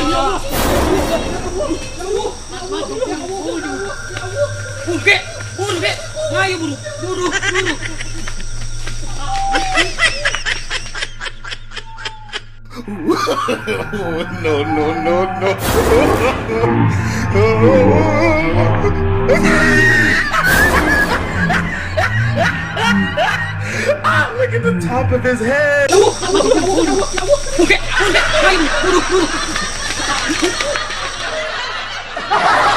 buruk kek buruk kek ayo buruk buruk buruk oh, no no no no ah, look at the top of his head okay okay buruk buruk buruk Ha ha ha!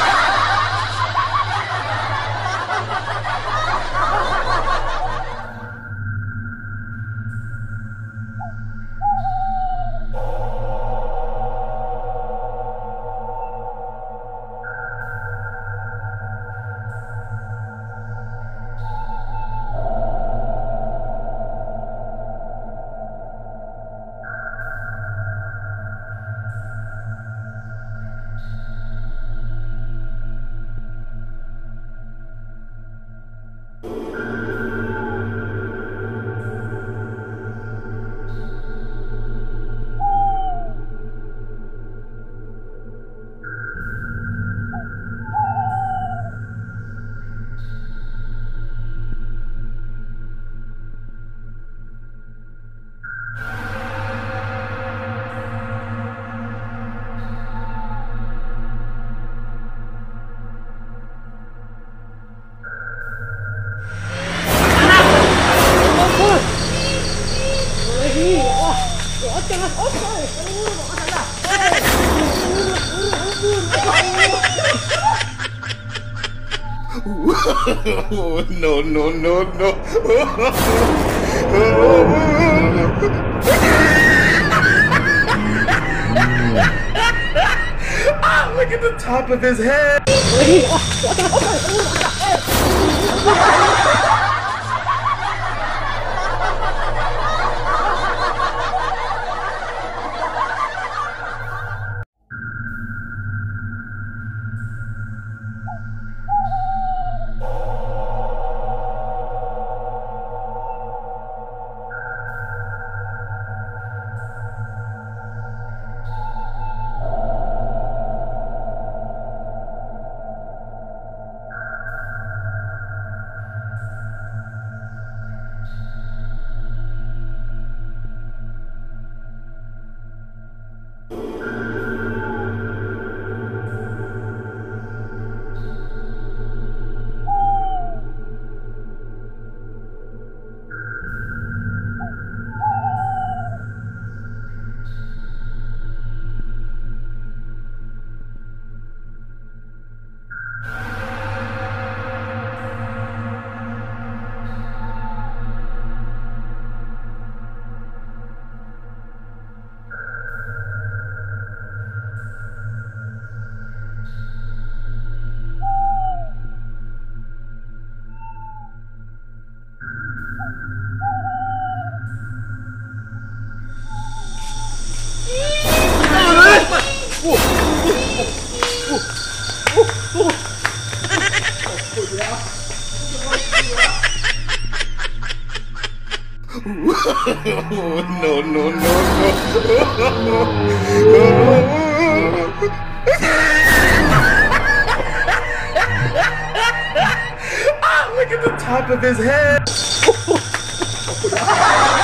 Oh, no, no, no, no. ah, look at the top of his head. no, no, no, no! Ah, look at the top of his head.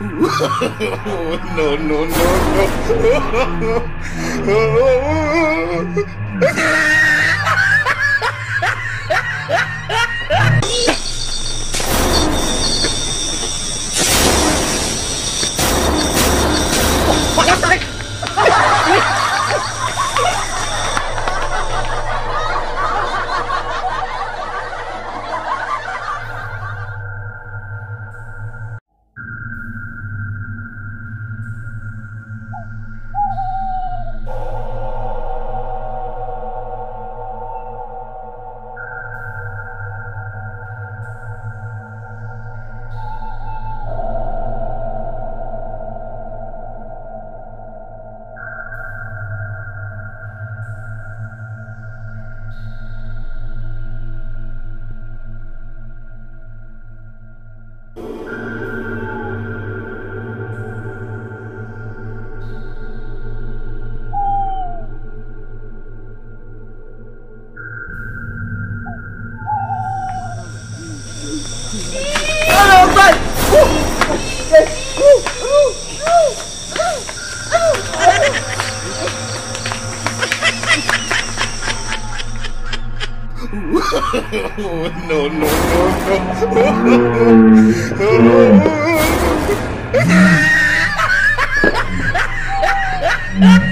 no, no, no, no. no, no, no, no. Mm.